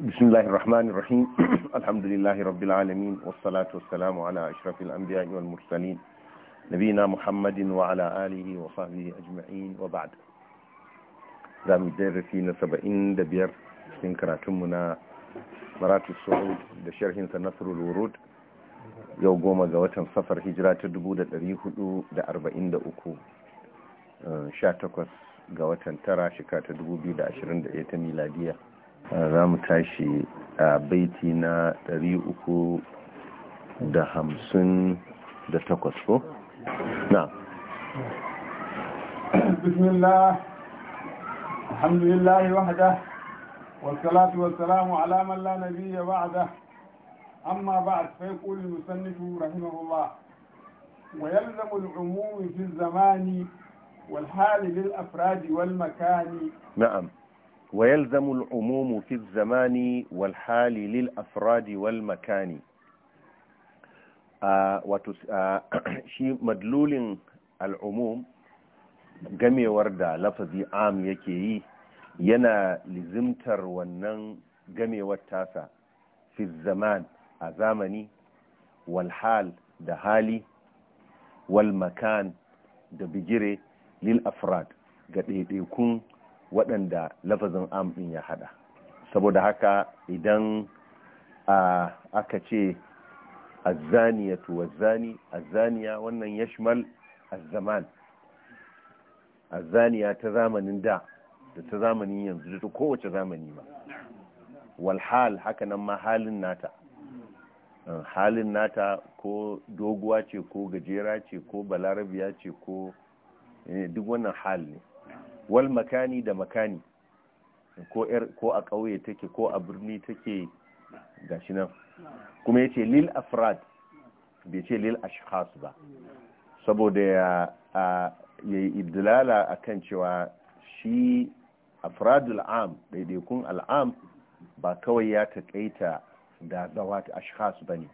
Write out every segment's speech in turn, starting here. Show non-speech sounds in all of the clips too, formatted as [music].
بسم الله الرحمن الرحيم الحمد لله رب العالمين والصلاة والسلام على أشرف الأنبياء والمرسلين نبينا محمد وعلى آله وصحبه أجمعين وبعد زامي دير في نسبعين دبير سنكراتمنا مرات السعود دشره نصر الورود yau goma ga watan safar hijira ta 443 18 شاتكوس watan tara shekara ta 2021 ta miladiya za mu tashi a baiti na 358 ko? na bismillah alhamdulillahi wahda والصلاة والسلام على من لا نبي بعده أما بعد فيقول المسنف رحمه الله ويلزم العموم في الزمان والحال للأفراد والمكان نعم ويلزم العموم في الزمان والحال للأفراد والمكان [clears throat] شيء مدلول العموم gamewar da lafazi am yake yi yana lizimtar wannan gamewar tasa fi zaman a zamani walhal da hali wal makan da bigire lil afrad ga ɗaiɗaikun waɗanda lafazin am ɗin ya hada saboda haka idan aka ce to a zaniya wannan yashmal azzaman zaniya ta zamanin da da ta zamanin yanzu da kowace zamani ma walhal haka nan ma halin nata halin nata ko doguwa ce ko gajera ce ko balarabiya ce ko eh, duk wannan hal ne wal makani da makani ko a ƙauye take ko a birni take gashi nan kuma yace ce lil afrad bai ce lil ashkhas ba saboda ya yi idlala kan cewa shi afradul am daidaikun al'am ba kawai ya taƙaita da zawat ashkhas ba ne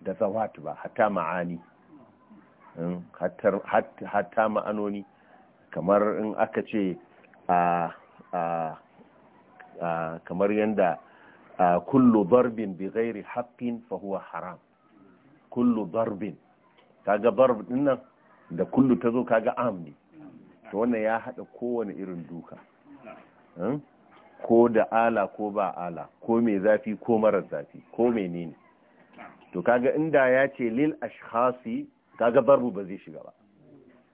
da zawat ba hatta ma'ani hmm, hatta ma'anoni kamar in aka ce a kamar yadda kullu barbin bi ghairi haqqin fahuwa haram kullu darbin kaga barbin nan da kullu ta zo kaga am ne to wannan ya haɗa kowane irin duka hmm? ko da ala ko ba ala ko mai zafi ko marar zafi ko menene to kaga inda ya ce lil ashkhasi kaga barbu ba zai shiga ba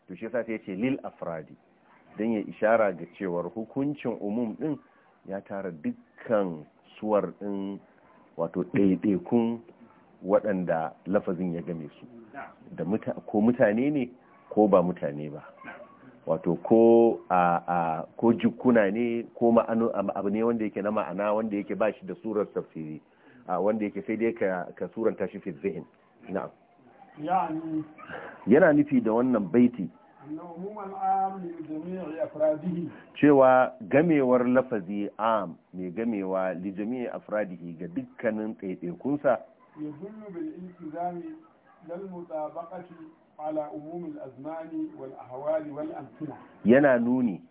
to shi yasa sai ce lil afradi dan ya ishara ga cewar hukuncin umum din ya tara dukkan suwar din wato ɗaiɗaikun waɗanda lafazin ya game su da ko mutane ne ko ba mutane ba wato ko a a ko jikuna ne ko ma'ano abu ne wanda yake na ma'ana wanda yake ba da surar tafsiri wanda yake sai dai ka suranta shi fi zihin na'am yana nufi da wannan baiti cewa gamewar lafazi am mai gamewa jami'ai a afradihi ga dukkanin ɗaiɗaikunsa yana nuni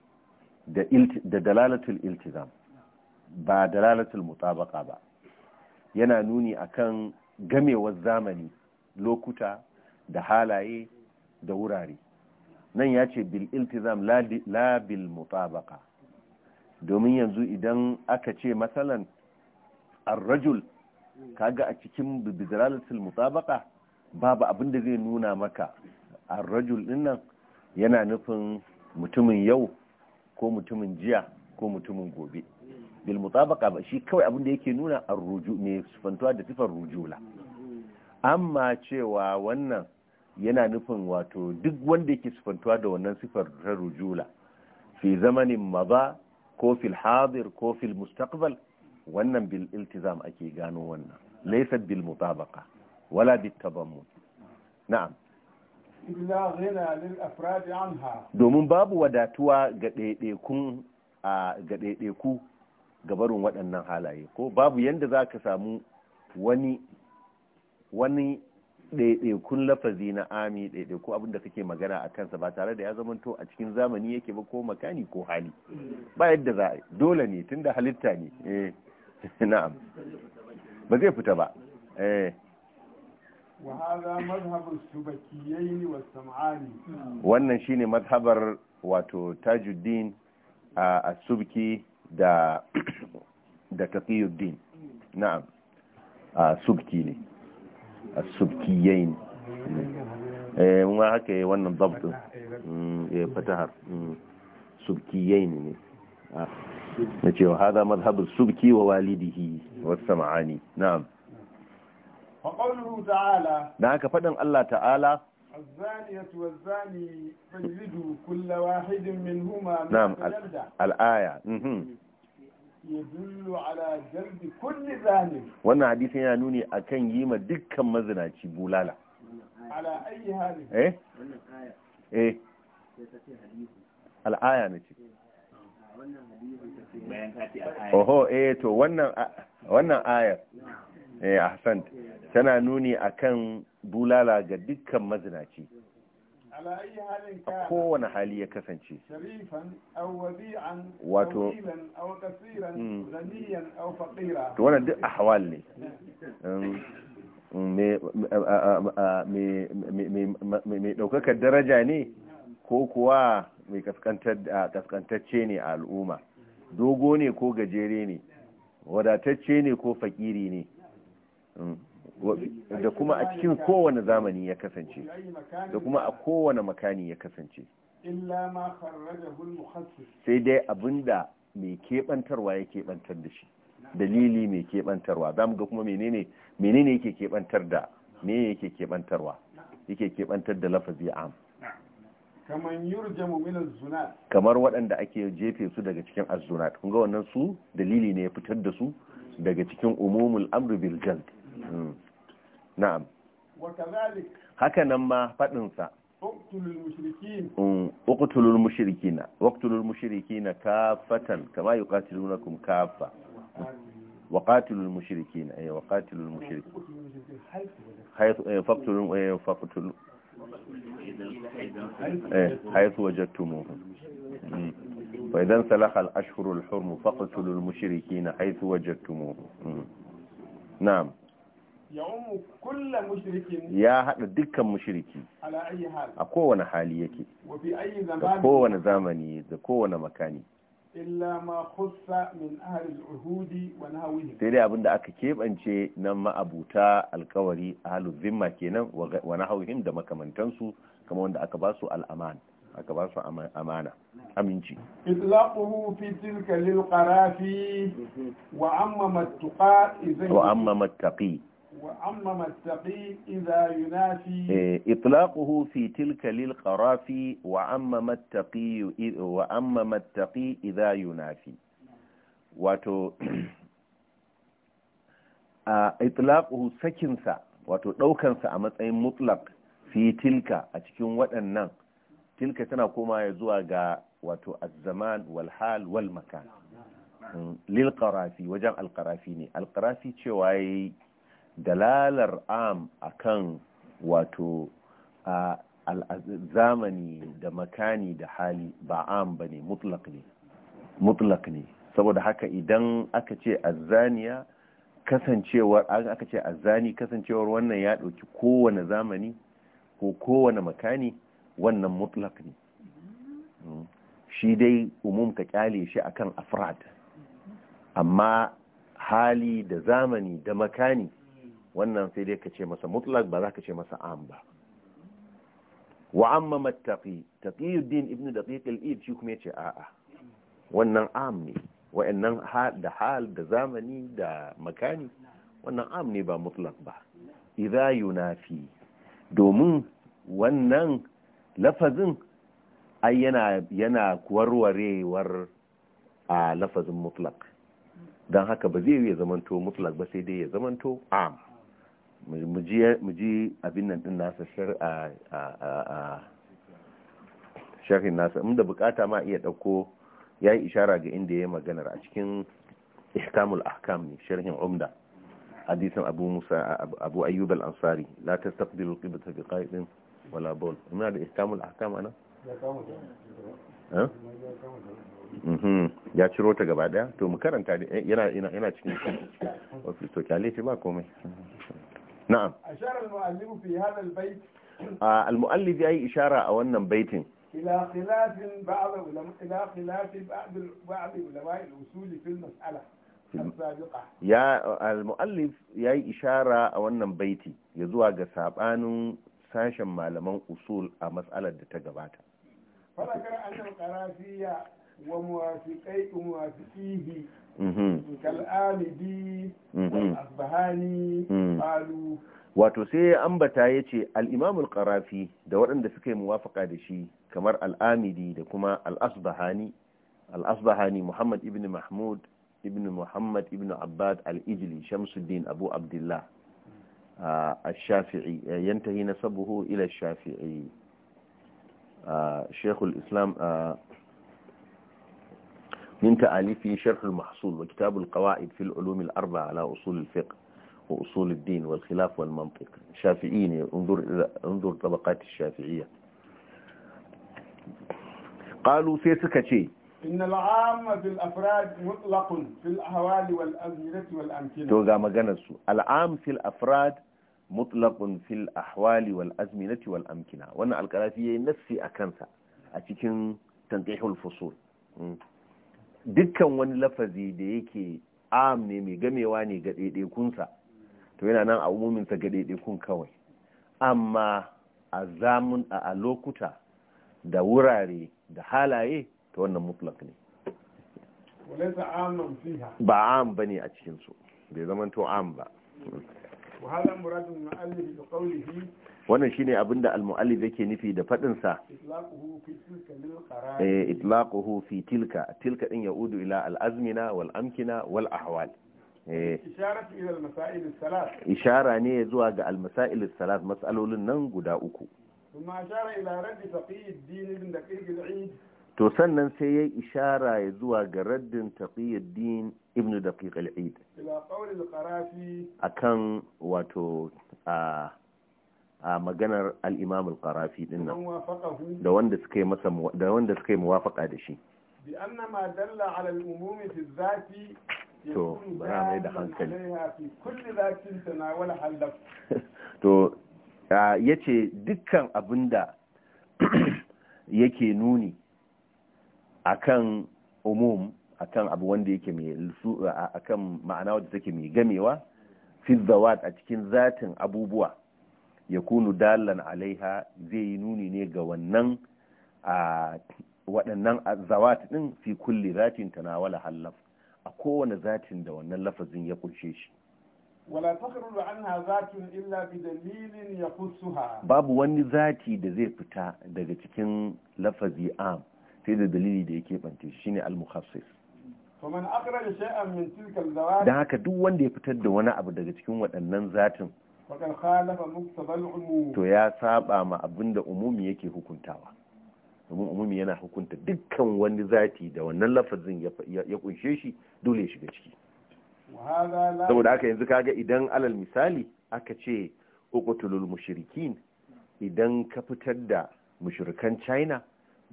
da dalalatul iltizam ba dalalatul mutabaka ba yana nuni akan gamewar zamani lokuta da halaye da wurare nan ya ce bil iltizam la bil mutabaka domin yanzu idan aka ce matsalan arrajul kaga a cikin biziralatul mutabaka babu abin da zai nuna maka arrajul dinnan yana nufin mutumin yau ko mutumin jiya ko mutumin gobe bil mutabaka ba shi kawai abin da yake nuna arruju ne fantuwa da sifar rujula amma cewa wannan yana nufin wato duk wanda yake sifantuwa da wannan sifar ta rujula fi zamanin maza ko fil hadir ko fil mustaqbal wannan bil iltizam ake gano wannan laysa bil mutabaqa wala bit tabammun na'am illa lil afradi anha domin babu wadatuwa ga a ga daidaiku gabarin waɗannan halaye ko babu yanda ka samu wani wani ɗaiɗaikun lafazi na ami ɗaiɗaiku abinda kake magana a kansa ba tare da ya zamanto a cikin zamani yake ba ko makani ko hali ba yadda za a dole ne tunda halitta ne eh, [laughs] na'am ba zai fita ba eh وهذا مذهب السبكيين والسمعاني wannan shine mazhabar wato tajuddin as-subki da [clears throat] da taqiyuddin na'am subki ne asubkiyain eh mun haka yi wannan dabtin ya fatahar subkiyain ne na ce wa hada mazhabin subki wa walidihi wasu ma'ani na'am الزانية والزاني فاجلدوا كل واحد منهما نعم الآية wannan hadisin yana nuni a kan yi ma dukkan mazinaci bulala eh? eh. al'aya na ce eh, oho eh to wannan ayar eh ahsant tana nuni a kan bulala ga dukkan mazinaci kowane hali ya kasance wato mm. to wannan duk hawal ne mai um, um, ɗaukaka daraja ne ko kuwa mai kaskantacce ne a al'umma dogo ne ko gajere ne wadatacce ne ko fakiri ne um, da kuma a cikin kowane zamani ya kasance da kuma a kowane makani ya kasance sai dai abinda mai keɓantarwa ya keɓantar da shi dalili mai keɓantarwa za mu ga kuma menene menene yake keɓantar da me yake keɓantarwa yake keɓantar da lafazi am kamar waɗanda ake jefe su daga cikin azzunat kun ga wannan su dalili ne ya fitar da su daga cikin umumul amru bil jald hmm. na'am wa kadhalik haka nan ma fadin sa uqtulul mushrikina waqtulul mushrikina kaffatan kama yuqatilunakum kaffa waqatilul mushrikina ay waqatilul mushrikin haythu faqtulun faqtul haythu wajadtumuhum fa idan salaha al ashhurul hurum faqtulul mushrikina haythu wajadtumuhum na'am ya haɗa dukkan mushiriki a kowane hali yake da kowane zamani da kowane makani sai dai abinda aka keɓance nan ma'abuta alkawari a halin zimma kenan wa nahawihim da makamantansu kama wanda aka ba su al'aman aka ba su amana aminci itlaquhu fi tilka lil qarafi wa amma mattaqi وأما التقي إذا ينافي إطلاقه في تلك للقرافي وأما التقي وأما التقي إذا ينافي واتو [clears throat] إطلاقه سكنسا wato ɗaukansa a matsayin mutlak fi tilka a cikin waɗannan tilka tana koma zuwa ga wato azzaman walhal wal maka lil wajen alƙarafi ne alƙarafi cewa yayi dalalar am a kan wato zamani da makani da hali ba am ba ne mutlak ne saboda haka idan aka ce azaniya kasancewar aka ce azani kasancewar wannan ya ɗauki kowane zamani ko kowane makani wannan mutlak ne hmm. shi dai umum ka kyale shi akan afrad amma hali da zamani da makani wannan sai dai ka ce masa mutlak ba za ka ce masa am ba wa amma mattaqi taqiyuddin ibnu daqiq al-id shi kuma yace a'a wannan am ne wa'annan hal da hal da zamani da makani wannan am ne ba mutlak ba idza yunafi domin wannan lafazin ai yana yana warwarewar a lafazin mutlak don haka ba zai yi ya zamanto mutlak ba sai dai ya zamanto am mu ji abin nan din nasa sharhin nasa inda bukata ma iya dauko ya yi ishara ga inda ya maganar a cikin ihkamul ahkam ne sharhin umda hadisin abu musa abu ayyub al-ansari la tastaqbilu qibata bi qaidin wala bol ina da ihkamul ahkam ana mm-hmm. ya ciro ta gaba daya to mu karanta eh, yana cikin wasu [coughs] to kyale ba komai na'am ashara al-mu'allif fi hadha al-bayt al-mu'allif yayi ishara a wannan baitin ila khilaf ba'd ulama ila khilaf ba'd ba'd al-usul ya al-mu'allif yayi ishara a wannan baiti ya zuwa ga sabanin sashen malaman usul a mas'alar da ta gabata fadakar wa wato sai ya ambata ya ce al'imamul ƙarafi da waɗanda suka yi muwafaka da shi kamar al'amidi da kuma al'asbahani al'asbahani muhammad ibn mahmud ibn muhammad ibn abbad al'ijili shamsuddin abu abdullah a shafi'i yantahi na sabuhu ila shafi'i shekul islam من تأليفه شرح المحصول وكتاب القواعد في العلوم الأربعة على أصول الفقه وأصول الدين والخلاف والمنطق شافعيني انظر, إلى انظر طبقات الشافعية قالوا في سكتي إن العام في الأفراد مطلق في الأهوال والأزمنة والأمكنة توقع مغانسو العام في الأفراد مطلق في الأحوال والأزمنة والأمكنة وأن القلافية نفسي أكنسا أتكن تنقيح الفصول م. dukkan wani lafazi da yake am ne mai gamewa ne ga ɗaiɗaikunsa to yana nan a umuminsa ga ɗaiɗaikun kawai amma a zamun a lokuta da wurare da halaye ta wannan mutlak ne ba am ba ne a cikinsu bai zama zamanto am ba wannan shine abin da al-mu'allif yake nufi da fadin sa itlaquhu fi tilka tilka din yaudu ila Al'azmina, azmina wal amkina wal ahwal ishara eh. ne zuwa ga al-masail al-salat mas'alolin nan guda uku ثم أشار إلى رد فقيه الدين da دقيق العيد to sannan sai ya ishara ya zuwa ga raddin taqiyuddin ibn daqiq al-eid a kan wato a maganar al-imam al-qarafi din nan da wanda suka yi masa da wanda suka yi muwafaqa da shi bi anna ma dalla ala al-umum fi dhati to bara mai da hankali kulli dhatin tanawala halaf [laughs] to yace dukkan abinda [clears throat] yake nuni akan umum akan abu wanda yake mai akan ma'ana wadda take mai gamewa fi zawat a cikin zatin abubuwa ya kunu dalan alaiha zai yi nuni ne ga wannan a waɗannan zawat ɗin fi kulli zatin nawala hallaf a kowane zatin da wannan lafazin ya kunshe shi wala takhruju anha zatin illa bi dalilin yakhussuha babu wani zati da zai fita daga cikin lafazi am sai da dalili da ya bance shi ne al-mukhassis da haka duk wanda ya fitar da wani abu daga cikin waɗannan zatin to ya saba ma abin da umumi yake hukuntawa domin umumi yana hukunta dukkan wani zati da wannan lafazin ya kunshe shi dole ya shiga ciki saboda haka yanzu kaga idan alal misali aka ce uqtulul mushrikin idan ka fitar da mushrikan china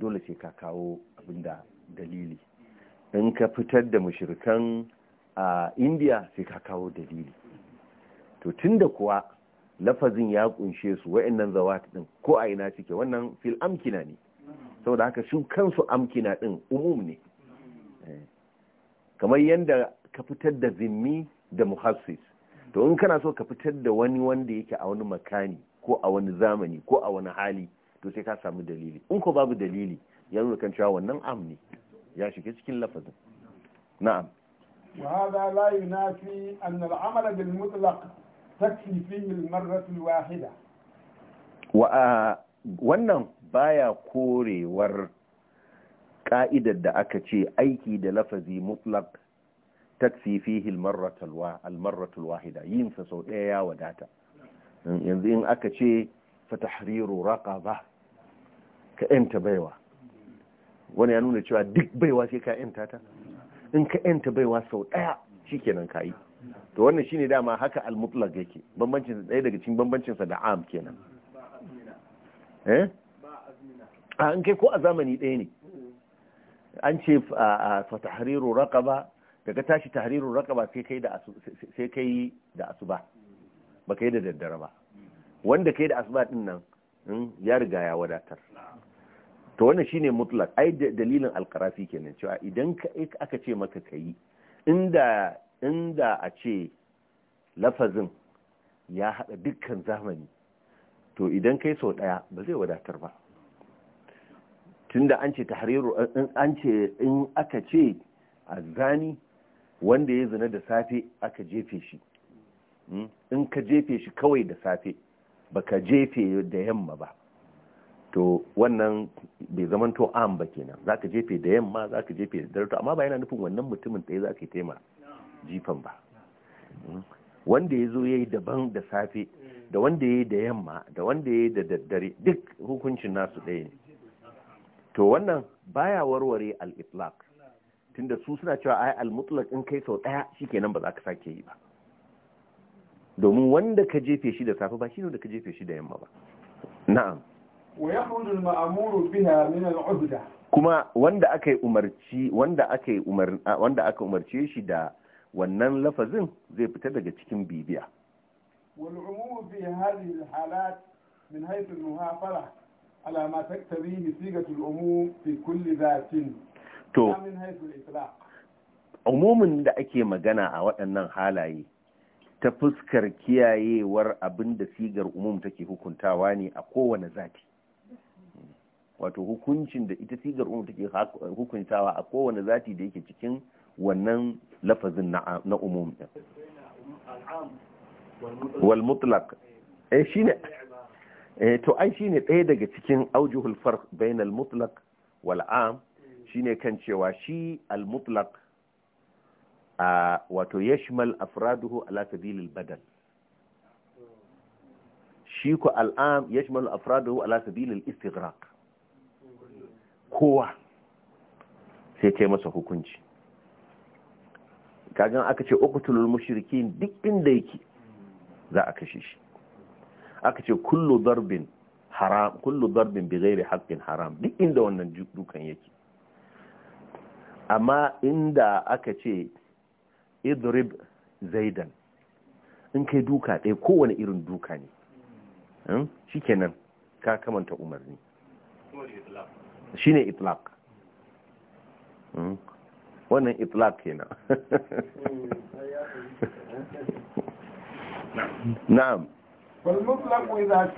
dole sai ka kawo abinda dalili in ka fitar da mushirikan a indiya sai ka kawo dalili to tunda kuwa lafazin ya kunshe su wa'annan zawat din ko a ina cike wannan fil amkina ne saboda haka su kansu amkina din umum ne eh, kamar yadda ka fitar da zimmi da muhassis to in kana so ka fitar da wani wanda yake a wani makani ko a wani zamani ko a wani hali to sai ka samu dalili in ko babu dalili ya nuna kan cewa wannan am ne ya shiga cikin lafazin na'am وهذا bil mutlaq takfi fihi al تكفي al wahida wa wannan baya korewar ka'idar da aka ce aiki da lafazi mutlaq taksi fihi al wahida yin sa sau ɗaya ya wadata yanzu in aka ce fatahriru raqaba ka yanta baiwa wani ya nuna cewa duk baiwa sai ka yanta ta in ka yanta baiwa sau ɗaya shikenan ka yi to wannan shine dama haka al-mutlaq yake bambancin daya daga cikin bambancin sa da am kenan eh a kai ko a zamani ɗaya ne an ce fa tahriru raqaba daga tashi tahriru raqaba sai kai da sai kai da asuba ba kai da daddare ba wanda kai da asuba din nan hmm, ya riga ya wadatar to wannan shine mutlak ai dalilin alkarafi kenan cewa idan ka aka ce maka kayi inda inda a ce lafazin ya haɗa dukkan zamani to idan kai sau ɗaya ba zai wadatar ba tunda an ce tahriru an ce in aka ce azani wanda ya zina da safe aka jefe shi hmm? in ka jefe shi kawai da safe baka jefe da yamma ba to wannan bai zamanto am ba kenan za ka jefe da yamma za ka jefe da darto amma ba yana nufin wannan mutumin ɗaya za ka yi taima jifan ba hmm? wanda ya zo ya yi daban da safe da wanda ya yi da yamma da wanda ya yi da daddare duk hukuncin nasu daya ne to wannan baya warware al-itlaq tunda su suna cewa ai al-mutlaq in kai sau ɗaya shikenan ba za ka sake yi ba domin wanda ka jefe shi da safe ba shi ne wanda ka jefe shi da yamma ba na'am kuma wanda aka yi umarci wanda aka umar wanda aka umarci shi da wannan lafazin zai fita daga cikin bibiya wal umum fi hadhihi al halat min hayth al muhafala ala ma taktabihi sigatu al umum fi kulli dhatin to min hayth al itlaq umumin da ake magana a waɗannan halaye ta fuskar kiyayewar abinda sigar umum take hukuntawa ne a kowane zati wato hukuncin da ita sigar umum take hukuntawa a kowane zati da yake cikin wannan lafazin na umum din wal mutlaq eh shine eh to ai shine ɗaya daga cikin aujuhul farq bainal mutlaq wal am shine kan cewa shi al mutlaq a wato yashmal afraduhu ala sabilil badal shi ko al am yashmal afraduhu ala sabilil istighraq kowa sai ta masa hukunci kagan aka ce okutulul mushrikin duk inda yake za a kashe shi aka ce kullu darbin haram kullu darbin bi ghairi haram duk inda wannan dukan yake amma inda aka ce idrib zaidan in kai duka ɗaya kowane irin duka ne hmm? shi kenan ka kamanta umarni ne itlaq hmm? wannan itlaq kenan [laughs] na'am والمطلق إذا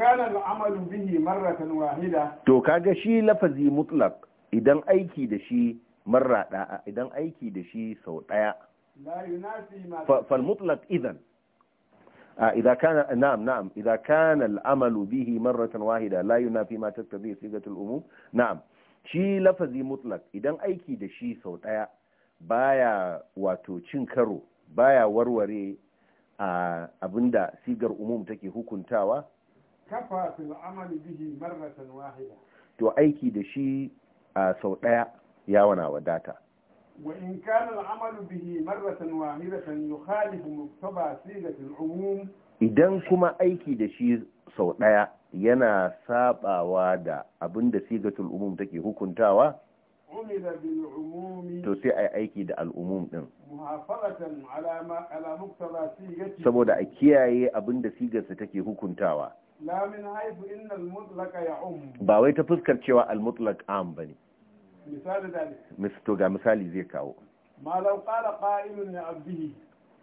to kaga shi lafazi mutlaq idan aiki da shi marra da'a idan aiki da shi sau daya fal mutlaq idan إذا كان na'am na'am إذا كان العمل به مرة واحدة لا ينافي ما تقتضيه صيغة الأموم shi lafazi mutlak idan aiki da shi sau ɗaya baya wato cin karo baya warware a abinda sigar umum take hukuntawa kafa fil amali bihi marratan wahida to aiki da shi a sau ɗaya ya wana wadata amalu bihi marratan wahidatan yukhalifu واحدة يخالف umum Idan kuma aiki da shi sau ɗaya. yana sabawa da abin da sigatul umum take hukuntawa to sai a aiki da al'umum din saboda a kiyaye abin da sigarsa take hukuntawa ba wai ta fuskar cewa al-mutlaq am bane misali da ga misali zai kawo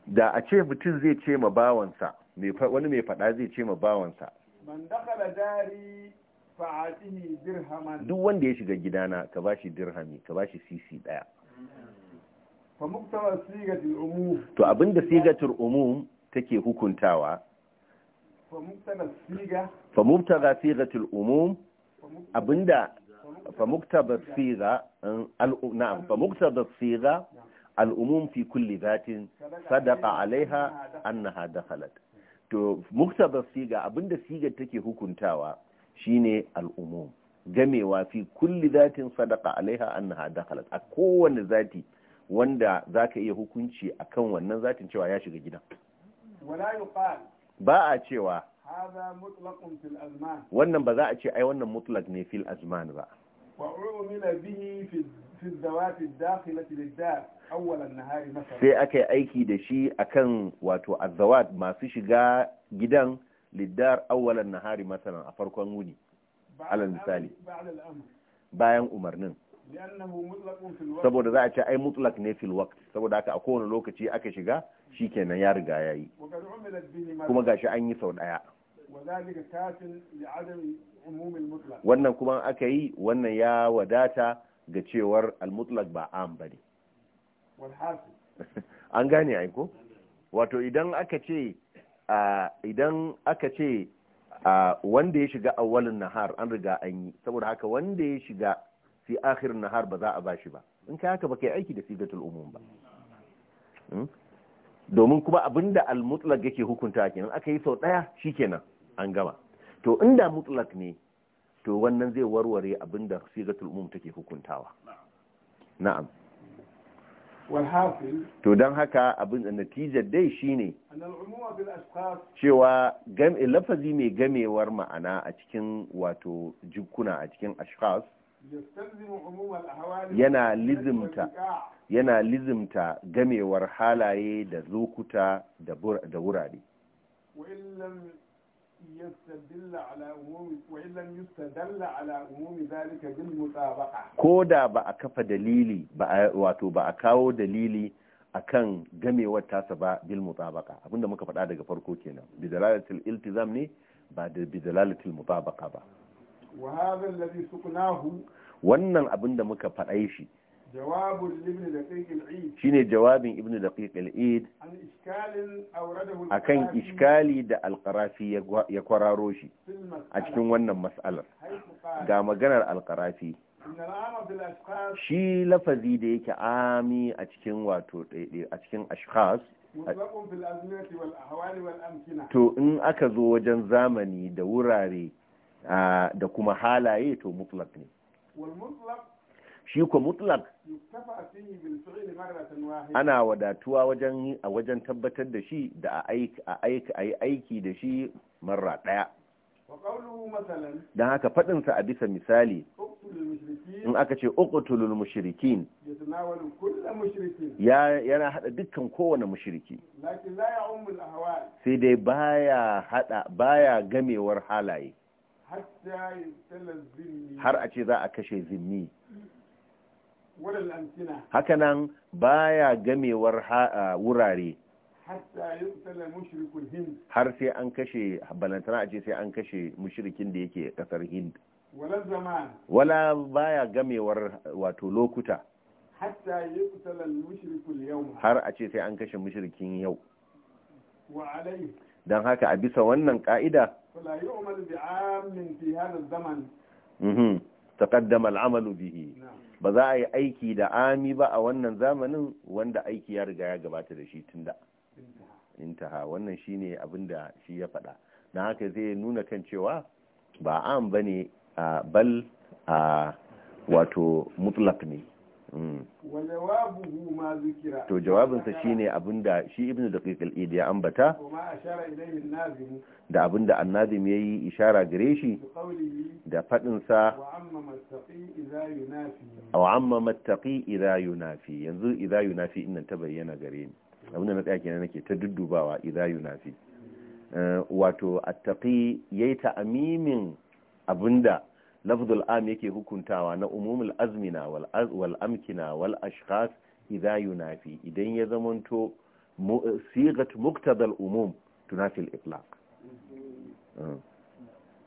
da a ce mutum zai ce ma bawansa wani mai faɗa zai ce ma bawansa man dari fa'atihi dirhaman duk wanda ya shiga gidana ka bashi dirhami ka bashi sisi daya fa sigatul umum to abinda sigatul umum take hukuntawa fa mubtada sigatul umum abinda fa muktabar siga na'am fa muktabar siga al umum fi kulli dhatin sadaqa alaiha annaha dakhalat to muktabar siga abinda siga take hukuntawa shine al'umum gamewa fi kulli zatin sadaka alaiha annaha dakhalat a kowanne zati wanda zaka iya hukunci akan wannan zatin cewa ya shiga gidan wala yuqal ba a cewa hada mutlaqun fil azman wannan ba za a ce ai wannan mutlaq ne fil azman ba wa umila bihi fi zawati dakhilati lid sai aka yi aiki da shi akan wato azawad masu shiga gidan liddar awwalan nahari masalan a farkon wuni alal misali bayan umarnin saboda za a ce ai mutlak ne fil waqt saboda haka a kowane lokaci aka shiga shikenan ya riga yayi kuma gashi an yi sau daya wannan kuma aka yi wannan ya wadata ga cewar almutlak ba am bane [laughs] an gane ai wato idan aka ce idan aka ce wanda ya shiga awalin nahar an riga an yi saboda haka wanda ya shiga fi akhirin nahar ba za a bashi ba in kai haka ba kai aiki da sigatul umum ba hmm? domin kuma abinda al-mutlaq yake hukunta kenan aka yi sau daya shikenan an gama to inda mutlaq ne to wannan zai warware abinda sigatul umum take hukuntawa na'am to don haka abin da natijar dai shine cewa lafazi mai gamewar ma'ana a cikin wato jikuna a cikin ashkhas yana lizimta yana lizimta gamewar halaye da lokuta da wurare ko da ba a kafa dalili wato ba a kawo dalili akan gamewar tasa ba bil mutabaka abinda muka faɗa daga farko kenan bi iltizam ne ba da bi dalalatil ba wa abin alladhi wannan abinda muka faɗa shi shine jawabin ibn daqiq al-eid akan iskali da al-qarafi ya kwararo shi a cikin wannan mas'alar ga maganar al-qarafi. shi lafazi da yake ami a cikin wato a cikin ashkhas to in aka zo wajen zamani da wurare da kuma halaye to mutlaq ne shi ko mutlaq ana wadatuwa wajen a wajen tabbatar da shi da a yi aiki da shi marra ɗaya don haka faɗinsa a bisa misali in aka ce uqtulul mushrikin ya yana hada dukkan kowane mushriki sai dai baya hada baya gamewar halaye har a ce za a kashe zinni. hakanan baya gamewar wurare har sai an kashe balantana a ce sai an kashe mushrikin da yake kasar hind wala baya gamewar wato lokuta har a ce sai an kashe mushrikin yau don haka a bisa wannan ka'ida mhm, taƙaddama al'amalu bihi ba za a yi aiki da ami ba a wannan zamanin wanda aiki ya riga ya gabata da shi da intaha wannan ne abin da shi ya faɗa don haka zai nuna kan cewa ba am ba ne a bal a wato mutlak ne mm. to jawabinsa shine abin da shi ibn da ƙiƙil ya ambata da abin da annazim ya yi ishara gare shi da faɗinsa aw amma mattaqi yunafi yanzu idza yunafi innan ta bayyana gare ni abinda na tsaya nake ta duddubawa idza yunafi wato attaqi yayi ta amimin abinda lafzul am yake hukuntawa na umumul azmina wal wal amkina wal ashkhas idza yunafi idan ya zamanto sigat muqtadal umum tunafi al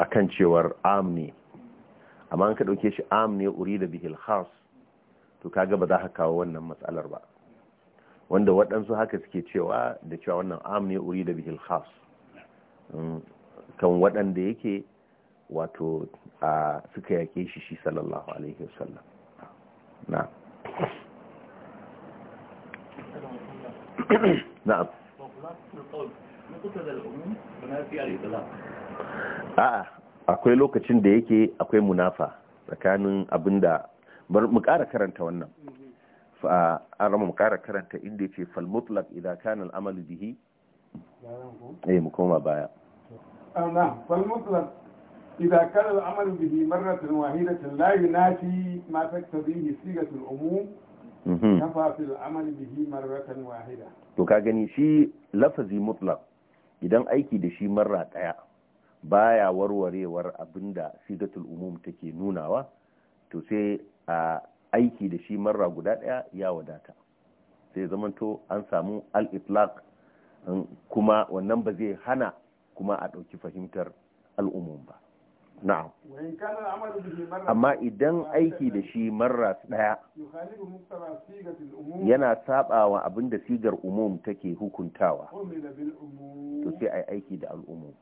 akan cewar amni amma an ka ɗauke shi am ne uri da bihil khas to kaga ba za ka kawo wannan matsalar ba wanda waɗansu haka suke cewa da cewa wannan amni uri da bihil khas mm, kan waɗanda yake wato a suka yake shi shi sallallahu alaihi wasallam [coughs] na na'am a'a akwai lokacin da yake akwai munafa tsakanin abinda bar mu kara karanta wannan mm-hmm. fa arama mu kara karanta inda yake fal mutlaq idza kana al amal bihi eh mu koma baya ana ah, fal mutlaq idza kana al amal bihi marratan wahidatan la yunafi ma taktabihi sigatu al umum mm-hmm. kafa fil amal bihi marratan wahida to ka gani shi lafazi mutlaq idan aiki da shi marra daya baya warwarewar abinda sigatul umum take nunawa to sai a aiki da shi marra guda daya ya wadata sai zamanto an samu al-itlaq kuma wannan ba zai hana kuma a ɗauki fahimtar al'umum ba na'am amma idan aiki da shi marra daya yana sabawa abinda sigar umum take hukuntawa to sai ai aiki da al'umum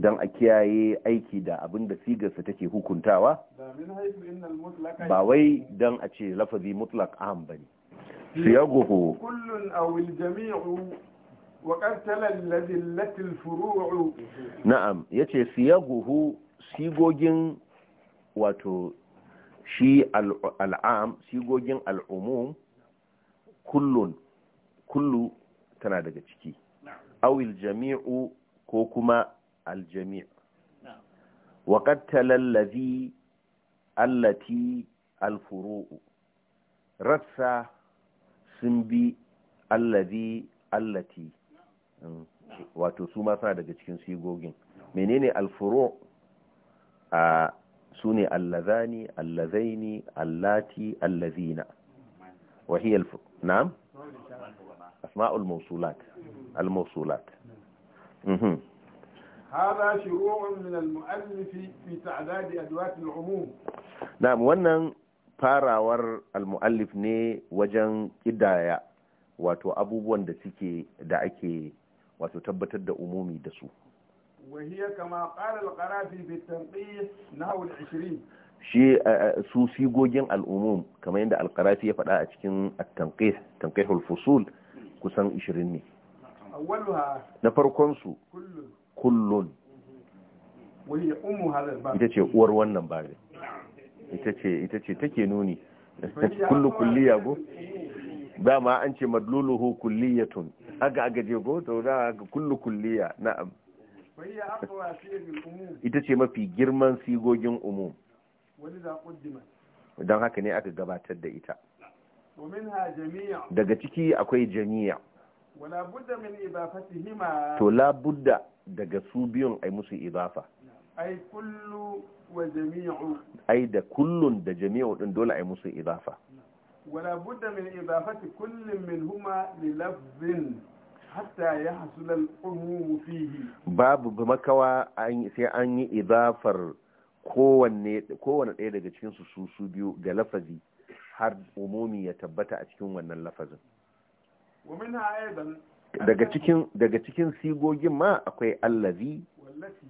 don a kiyaye aiki da abin da sigarsa take hukuntawa ba wai don a ce lafazi mutlak aham ba ne su ya goho na'am ya ce su ya goho sigogin wato shi al'am sigogin al'umum kullun kullu tana daga ciki awil jami'u ko kuma aljami' wa qattalallazi allati alfuru'u rassa sun bi allazi allati mm. wato su ma suna daga cikin sigogin menene alfuru a su ne allazani allazaini allati asma'ul mausulat الموصولات هذا شروع من المؤلف في تعداد أدوات العموم نعم wannan farawar almuallif ne wajen kidaya wato abubuwan da suke da ake wato tabbatar da umumi da su وهي كما قال القرافي في التنقيح نحو العشرين shi eh, eh, su sigogin al'umum kamar yadda alkarafi ya faɗa a cikin tanqih tanqihul fusul kusan 20 ne na farkonsu kullun ita ce uwar wannan babin ita ce take nuni kullu kulliya go dama an ce madluluhu kulliyatun aga aga je go to da kullu kulliya na'am ita ce mafi girman sigogin umum don haka ne aka gabatar da ita daga ciki akwai jami'a to la budda daga su biyun ai musu ibafa ai kullu wa jami'u ai da kullun da jami'u din dole ai musu ibafa wala budda min ibafati kullin li lafzin hatta ya hasula al-umum babu makawa sai an yi idafar kowanne kowanne ɗaya daga cikin su su biyu ga lafazi har umumi ya tabbata a cikin wannan lafazin daga cikin daga cikin sigogin ma akwai allazi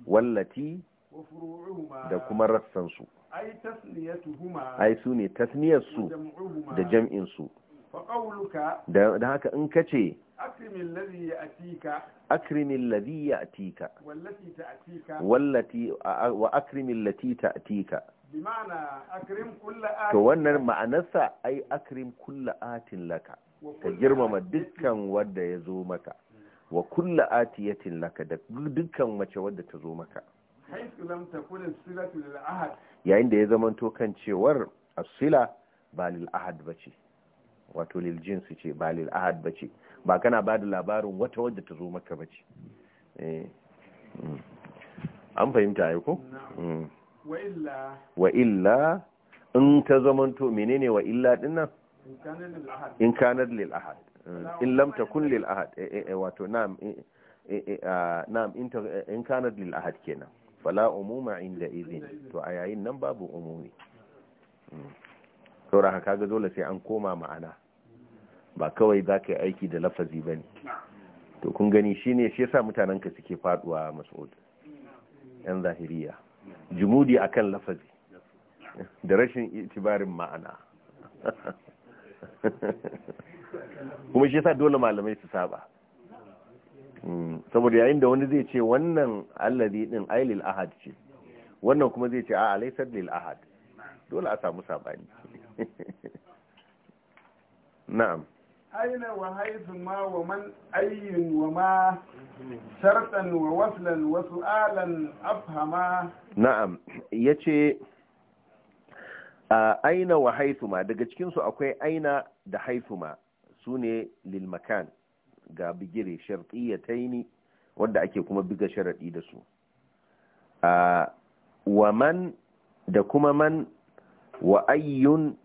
wallati da kuma rassansu ai su ne tasniyarsu da jam'insu da haka in ka ce akrimin ladhi ya atika wallati wa akrimin lati ta atika to wannan ma'anarsa ai akrim kulla atin laka ka girmama dukkan wanda ya zo maka wa kulla atiyatin laka da dukkan mace wadda ta zo maka yayin da ya zamanto kan cewar asila ba lil ahad bace wato lil jinsi ce ba lil ahad bace ba kana ba da labarin wata wadda ta zo maka bace eh. mm. an fahimta ya ko mm. wa illa in ta zamanto menene wa illa dinnan in kanar lil ahad eh, in lam takun lil ahad eh, eh, wato na'am ah, na'am in kanar lil ahad kenan fala umuma inda idin to a yayin nan babu umumi hmm. saboda haka ga dole sai an koma ma'ana ba kawai za ka yi aiki da lafazi ba ne to kun gani shi ne shi yasa mutanen ka suke faduwa mas'ud yan zahiriya jumudi akan lafazi da rashin itibarin ma'ana [laughs] [laughs] kuma shi yasa dole malamai su saba hmm. saboda yayin da wani zai ce wannan allazi din ailil ahad ce wannan kuma zai ce a alaysar lil ahad dole a samu sabani [laughs] na'am aina wa haizu ma wa man ayyin wa ma shartan wa waslan wa su'alan afhama na'am yace aina wa haithuma daga cikinsu akwai aina da haithuma su ne lilmakan ga bigire sharɗiyataini wadda ake kuma biga sharaɗi da su wa man da kuma man wa ayyun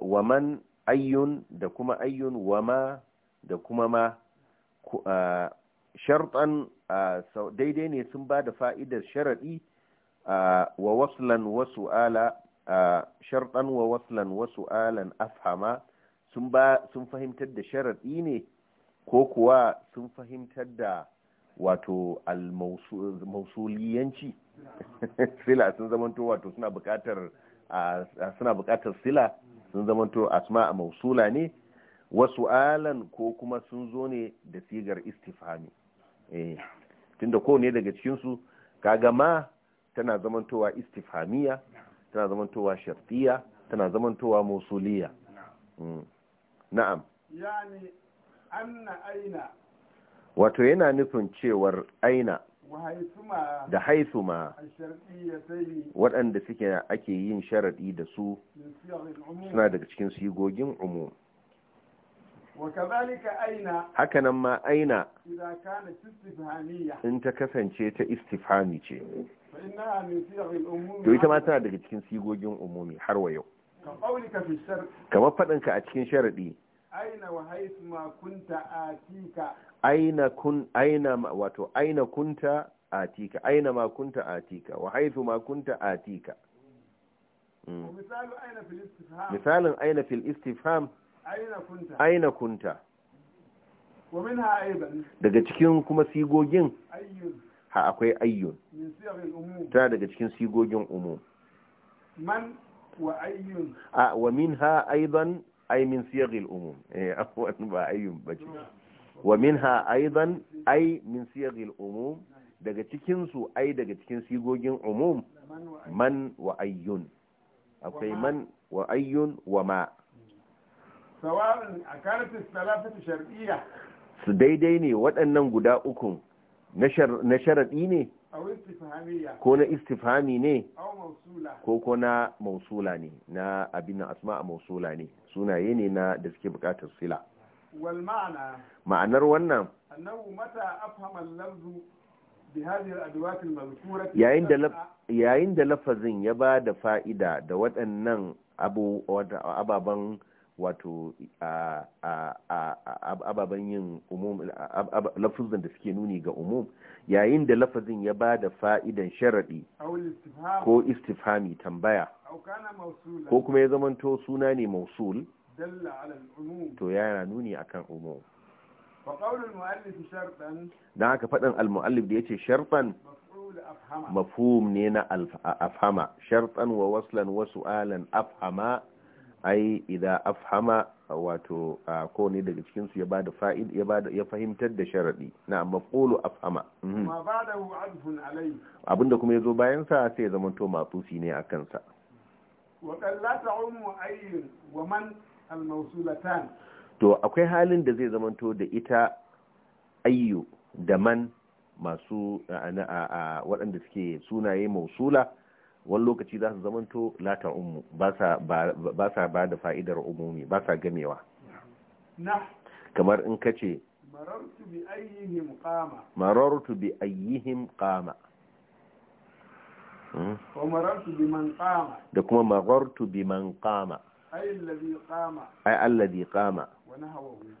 wa man ayyun da kuma ayyun wa ma da kuma ma shartan daidai ne sun ba da fa'idar sharaɗi wa waslan wasu ala sharɗan wa waslan wa su'alan afhama sun fahimtar da sharaɗi ne ko kuwa sun fahimtar da wato al-mausuliyanci sila sun zamanto wato suna buƙatar suna buƙatar sila sun zamanto asma'a mausula ne wasu alan ko kuma sun zo ne da sigar istifami tunda kowane daga cikinsu kaga ma tana zamantowa istifamiya tana zamantowa shartiya tana zamantowa musuliya mm. na'am yani anna aina wato yana nufin cewar aina da ma waɗanda suke ake yin sharaɗi da su suna daga cikin sigogin umu hakanan ma aina in ta kasance ta Istifani ce to ita ma tana daga cikin sigogin umumi har wa yau kamar faɗinka a cikin sharaɗi aina wa haisma kunta atika aina kun aina wato aina kunta atika aina ma kunta atika wa haithu ma kunta tika. misalin aina fil istifham aina kunta daga cikin kuma sigogin ha akwai ayyun tana daga cikin sigogin umum man wa ayyun a wa ha aidan ay min siyagil umum eh [laughs] afwan ba ayyun ce wa ha aidan ay min siyagil umum daga cikin su ai daga cikin sigogin umum man wa ayyun akwai man wa ayyun wa ma sawa'un akanat talafin shar'iyya su daidai ne waɗannan guda ukun na sharaɗi ne ko na istifami ne ko ko na mausula ne na abin asma a mausula ne sunaye ne na da suke bukatar sila ma'anar wannan yayin da lafazin ya ba da fa'ida da waɗannan ababen wato ababen yin umum lafazin da suke nuni ga umum yayin da lafazin ya ba da fa'idan sharaɗi ko istifami tambaya ko kuma ya zamanto suna ne mausul to yana nuni akan umum na aka faɗin al-mu'allif da ya ce sharfan mafhum ne na afhama sharfan wa waslan wasu alan afhama ai idan afhama wato ko ne daga cikin su ya bada fa'id ya bada ya fahimtar da sharadi na maqulu afhama mhm. abinda kuma yazo bayan sa sai ya zama to matusi ne akan sa wa qalla ta'ummu ayyin wa man al-mawsulatan to akwai halin da zai zama to da ita ayyu da man masu waɗanda suke sunaye mausula wani lokaci za su zamanto lata ummu ba sa ba da fa'idar umumi ba sa gamewa kamar in ka ce marartu bi ayyihim hmm? qama da kuma marartu bi man qama ai alladhi qama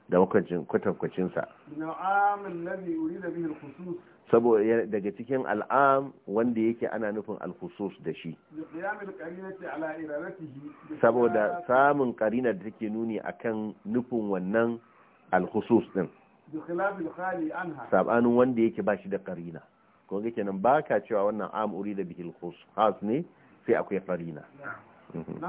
da kwatankwacinsa saboda daga cikin al'am wanda yake ana nufin alkhusus da shi saboda samun karina da take nuni akan nufin wannan alkhusus din sabanin wanda yake ba shi da karina kuma yake nan ba ka cewa wannan am urida bihil khusus ne sai akwai karina mhm.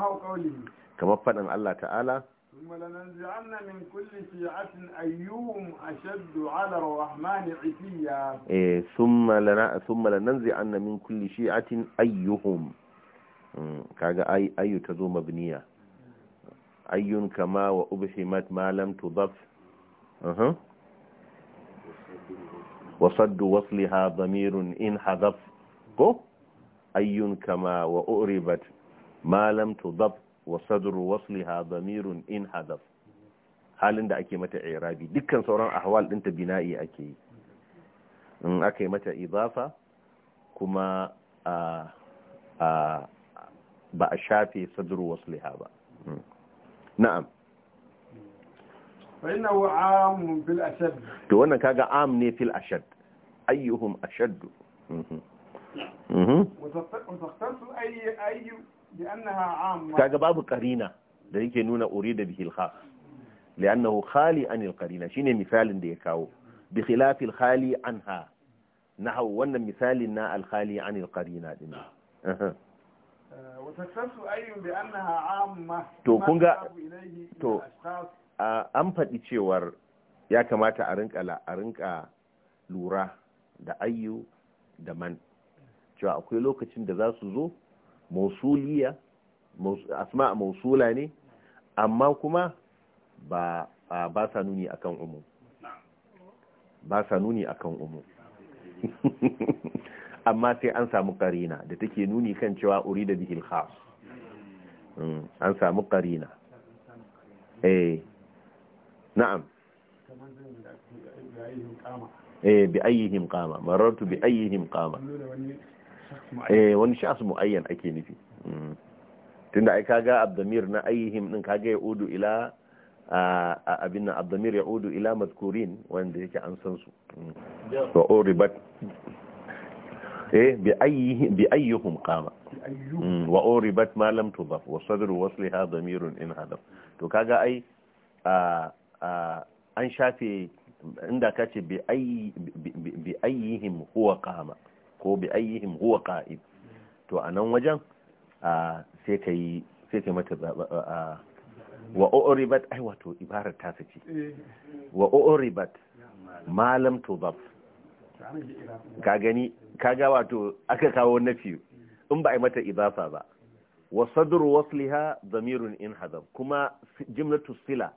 kamar faɗin Allah ta'ala ولننزعن من كل شيعة أيهم أشد على الرحمن عتيا إيه ثم لنا ثم لننزعن من كل شيعة أيهم كاجا أي أي تزو مبنية أي كما وأبحمت ما لم تضف أه. وصد وصلها ضمير إن حذف كو أي كما وأربت ما لم تضف wa sadru wasliha damirun in hadaf halin da ake mata i'rabi dukkan sauran ahwal ta bina'i ake yi in aka yi mata idafa kuma a ba a shafe sadru wasliha ba hmm. na'am am bil ashad To wannan kaga am ne fil ashad ayyuhum ashad mhm mhm وتختص اي ayyu kaga babu karina da yake nuna urida da bihil khas li'annahu khali an al shine misalin da ya kawo bi khilaf al-khali anha nahu wannan misalin na al-khali an al-qarina din to kun ga to an faɗi cewar ya kamata a rinka a rinka lura da ayyu da man cewa akwai lokacin da za su zo mausuliya asma mausula ne amma kuma ba ba sa nuni akan umu ba sa nuni akan umu amma sai an samu karina da take nuni kan cewa urida bihil khas an samu karina eh na'am eh bi ayyihim qama marartu bi ayyihim qama eh wani shas muayyan ake nufi mm. tunda ai kaga abdamir na ayyihim din kaga ya udu ila abin nan abdamir ya udu ila mazkurin wanda yake an san su wa mm. uribat eh bi ayyihim bi ayyihum qama mm. wa uribat ma lam tudaf wa sadru wasliha damir in hadaf to kaga ai an shafe inda kace bi ayyihim huwa qama ko bi ayyihim huwa qa'id to anan nan wajen sai kai sai kai mata wa uribat ai wato ibarar ta sace wa uribat malam to bab ka gani kaga wato aka kawo nafi in ba a yi mata idafa ba wa sadru wasliha damirun in hadab kuma jimlatu sila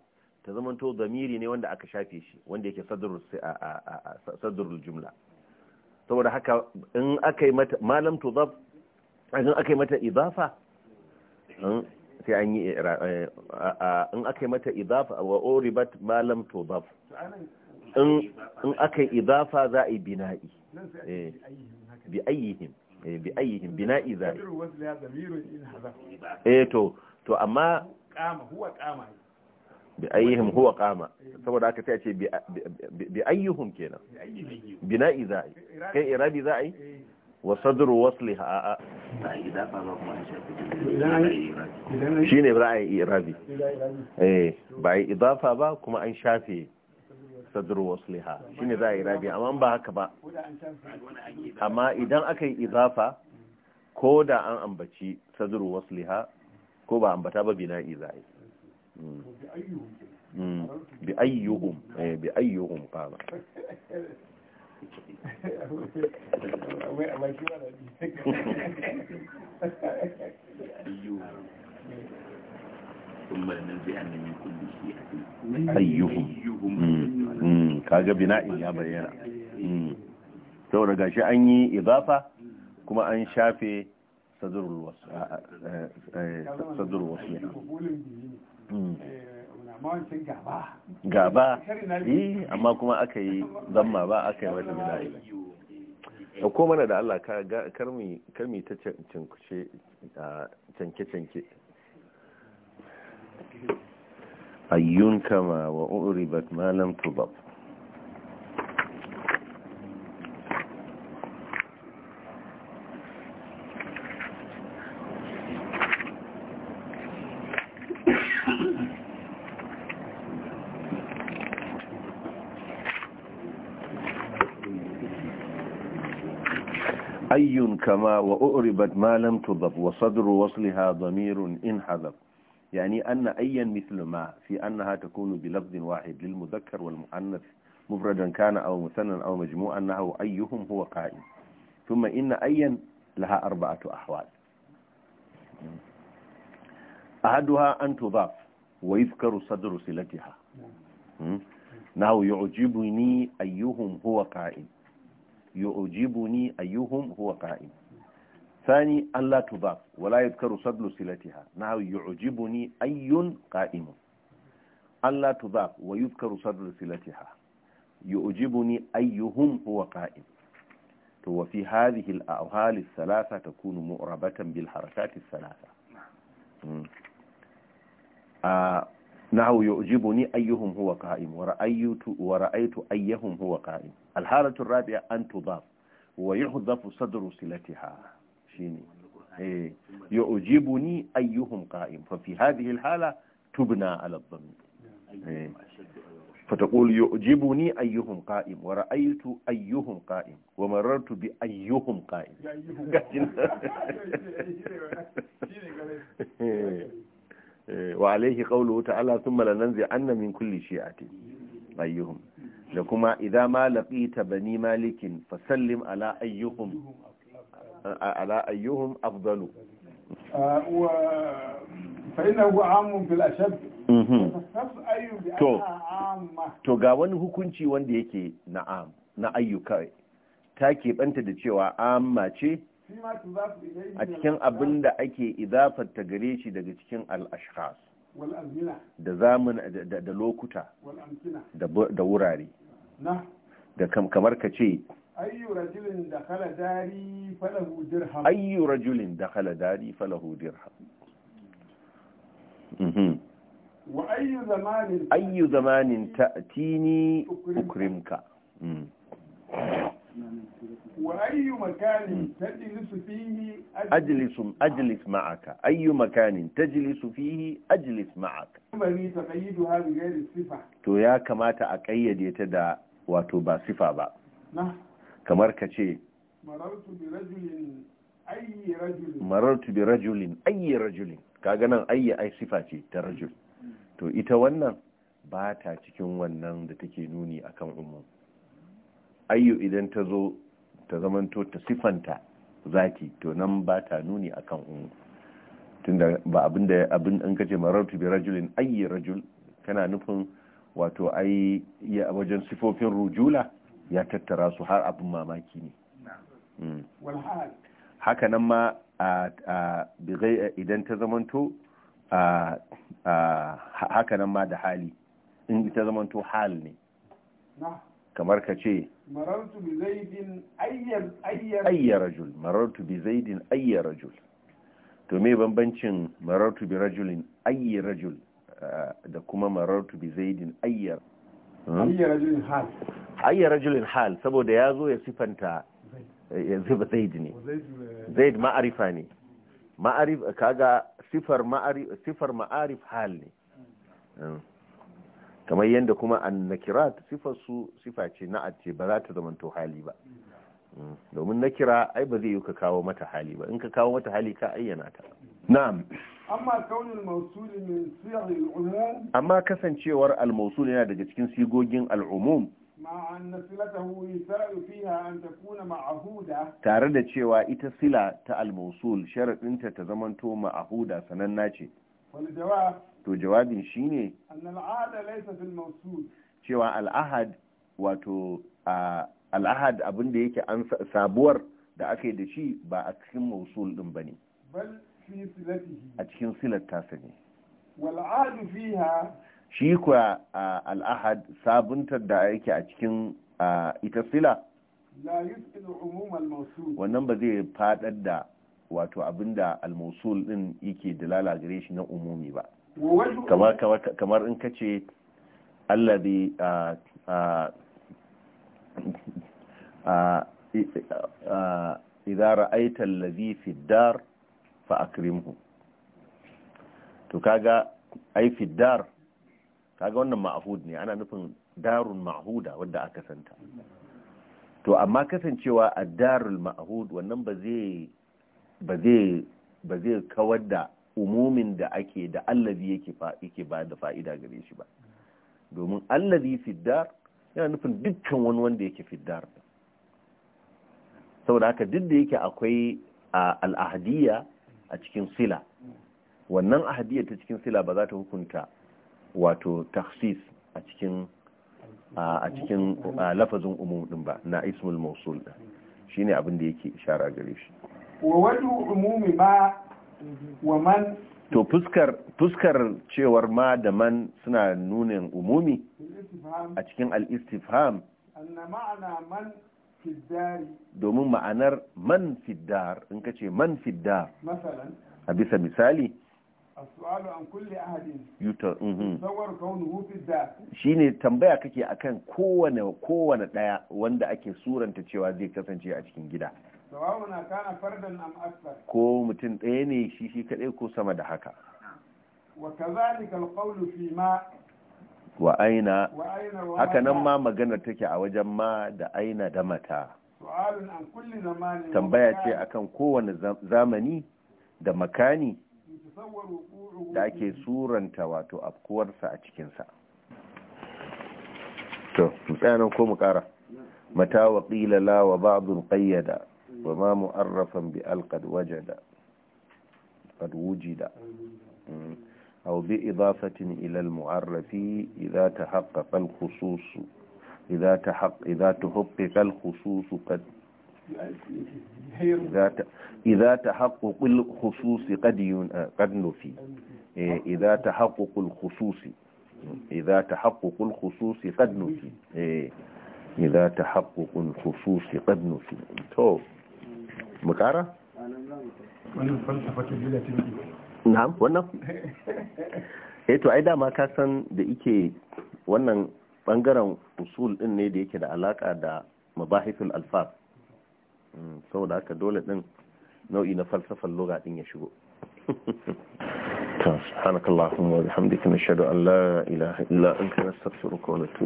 ta zamanto damiri ne wanda aka shafe shi wanda yake sadrul jumla saboda haka in aka yi mata malam tuzaf in aka yi mata idafa sai an yi eh, in aka yi mata idafa wa oribat malam tuzaf in aka yi idafa za a yi bina'i eh, bi ayyihim eh, bi ayyihim bina'i za a yi eh to to amma kama huwa kama bi ayyihim huwa qama saboda aka sai a ce bi ayyuhum kenan bina za kai irabi za yi wa sadru wasliha a a shine ba a yi irabi eh ba yi idafa ba kuma an shafe sadru wasliha shine za a yi irabi amma ba haka ba amma idan aka yi idafa ko da an ambaci sadru wasliha ko ba ambata ba bina za yi bi ayyuhum eh bi ayyuhum qala ayyuhum hmm, hmm. kaga bina'in ya bayyana hmm. saboda gashi an yi idafa kuma an shafe sadrul wasu eh, eh, Hmm. Eh, gaba yi eh, amma kuma aka yi zamma ba aka yi mata bina'i da ko mana da Allah karmi ta cinkushe a canke-canke ayyun kama wa uribat malam tubab كما وأعربت ما لم تضف وصدر وصلها ضمير إن حذف يعني أن أيا مثل ما في أنها تكون بلفظ واحد للمذكر والمؤنث مفردا كان أو مثنى أو مجموعا أنه أيهم هو قائم ثم إن أيا لها أربعة أحوال أحدها أن تضاف ويذكر صدر صلتها نحو نعم، يعجبني أيهم هو قائم يعجبني أيهم هو قائم ثاني الله تضاف ولا يذكر صدل صلتها نحو يعجبني أي قائم الله تضاف ويذكر صدل صلتها يعجبني أيهم هو قائم وفي هذه الأوهال الثلاثة تكون مؤربة بالحركات الثلاثة نعم نحو يعجبني أيهم هو قائم ورأيت, ورأيت أيهم هو قائم الحالة الرابعة أن تضاف ويحذف صدر صلتها شيني يؤجبني إيه. يعجبني أيهم قائم ففي هذه الحالة تبنى على الضم إيه. فتقول يعجبني أيهم قائم ورأيت أيهم قائم ومررت بأيهم قائم [laughs] Eh, wa alaihi qawluhu ta'ala thumma lananzi anna min kulli shi'ati ayyuhum da kuma idza ma laqita bani malikin fasallim ala ayyuhum ala ayyuhum afdalu wa fa hu amun fil ashad mhm. to to ga wani hukunci wanda yake na'am na ayyuka ta banta da cewa amma ce a cikin abin da ake idafarta gare shi daga cikin al'ashkhas da zamun da lokuta da wurare da kamar ka ce ayyu rajulin da kala dari falahu dirham ayyu mhm. ayyu zamanin ta tini ukrimka mhm. وأي مكان تجلس فيه أجلس أجلس معك أي مكان تجلس فيه أجلس معك ينبغي تقييدها بغير الصفة تو يا كما تأقيد يتدى وتبا صفة با نعم kamar ka ce marartu bi rajulin ayi rajulin kaga nan ayi ai sifa ce ta rajul to ita wannan ba ta cikin wannan da take nuni akan umu ayyu idan ta zo ta zamanto ta sifanta zaki to nan ba ta nuni akan un tunda ba abin da abin an kace marartu bi rajulin ayi rajul kana nufin wato ai ya wajen sifofin rujula ya tattara su har abin mamaki ne mm. haka nan ma idan ta zamanto haka nan ma da hali in ta zamanto hal ne kamar ka ce مررت بزيد أي أي أي رجل مررت بزيد أي رجل bambancin marartu bi rajulin ayi da kuma marartu bi zaidin ayyar ayyar hal saboda ya zo ya sifanta ya zuba zaid ne ma'arifa ne kaga sifar ma'arif hal ne kamar yadda kuma nakira sifar su sifa ce na ce ba za ta zamanto hali ba mm, domin na kira ai ba zai yi ka kawo mata hali ba in ka kawo mata hali ka ayyana ta na'am amma kaunin mausuli ne siyar umum amma kasancewar al-mawsul yana daga cikin sigogin al-umum tare da cewa ita sila ta al mausul sharadinta ta zamanto ma'ahuda sananna ce to jawabin shine cewa al'ahad wato al'ahad abin da yake an sabuwar da aka yi da shi ba a cikin mausul din ba ne a cikin silar tasa ne shi kuwa al'ahad sabuntar da yake a cikin ita sila wannan ba zai fadar da wato abinda al-mausul din yake dalala gare shi na umumi ba kamar in kace ce idza ra'aita alladhi fi dar fa akrimhu to kaga ai dar kaga wannan ma'hud ne ana nufin darun ma'huda wanda aka santa to amma kasancewa a darul ma'hud wannan ba zai ba zai kawar da umumin da ake da allazi yake yake ba da fa'ida gare shi ba domin allazi fiddar yana nufin dukkan wani wanda yake fiddar saboda haka duk da yake akwai al'ahadiyya a cikin sila wannan ahadiyya ta cikin sila ba za ta hukunta wato taksis a cikin a cikin lafazin umum din ba na ismul mawsul din shine abin da yake ishara gare shi wa wajhu umumi ma to fuskar fuskar cewar ma da man suna nunin umumi a cikin al-istifham domin ma'anar man fiddar in ka ce man fiddar a bisa misali shi ne tambaya kake akan kowane kowane daya wanda ake suranta cewa zai kasance a cikin gida ko mutum ɗaya ne shi shi kaɗai ko sama da haka wa aina haka nan ma maganar take a wajen ma da aina da mata tambaya ce akan kowane zamani da makani da ake suranta wato afkuwarsa a cikinsa to mu ko mu ƙara mata wa ƙila la wa ba'dun qayyada وما مؤرفا بأل قد وجد قد وجد أو بإضافة إلى المعرف إذا تحقق الخصوص إذا تحق إذا تحقق الخصوص قد إذا إذا تحقق الخصوص قد قد نفي إيه، إذا تحقق الخصوص إذا تحقق الخصوص قد نفي إيه، إذا تحقق الخصوص قد نفي طيب. mu kara wannan na'am eh to ai dama ka san da ike wannan bangaren usul din ne da yake da alaka da mabahithul alfaf mm, saboda haka dole din nau'i na falsafan loga din ya shigo [laughs] ta سبحانك اللهم وبحمدك allah أن لا Allah إلا أنت نستغفرك ونتوب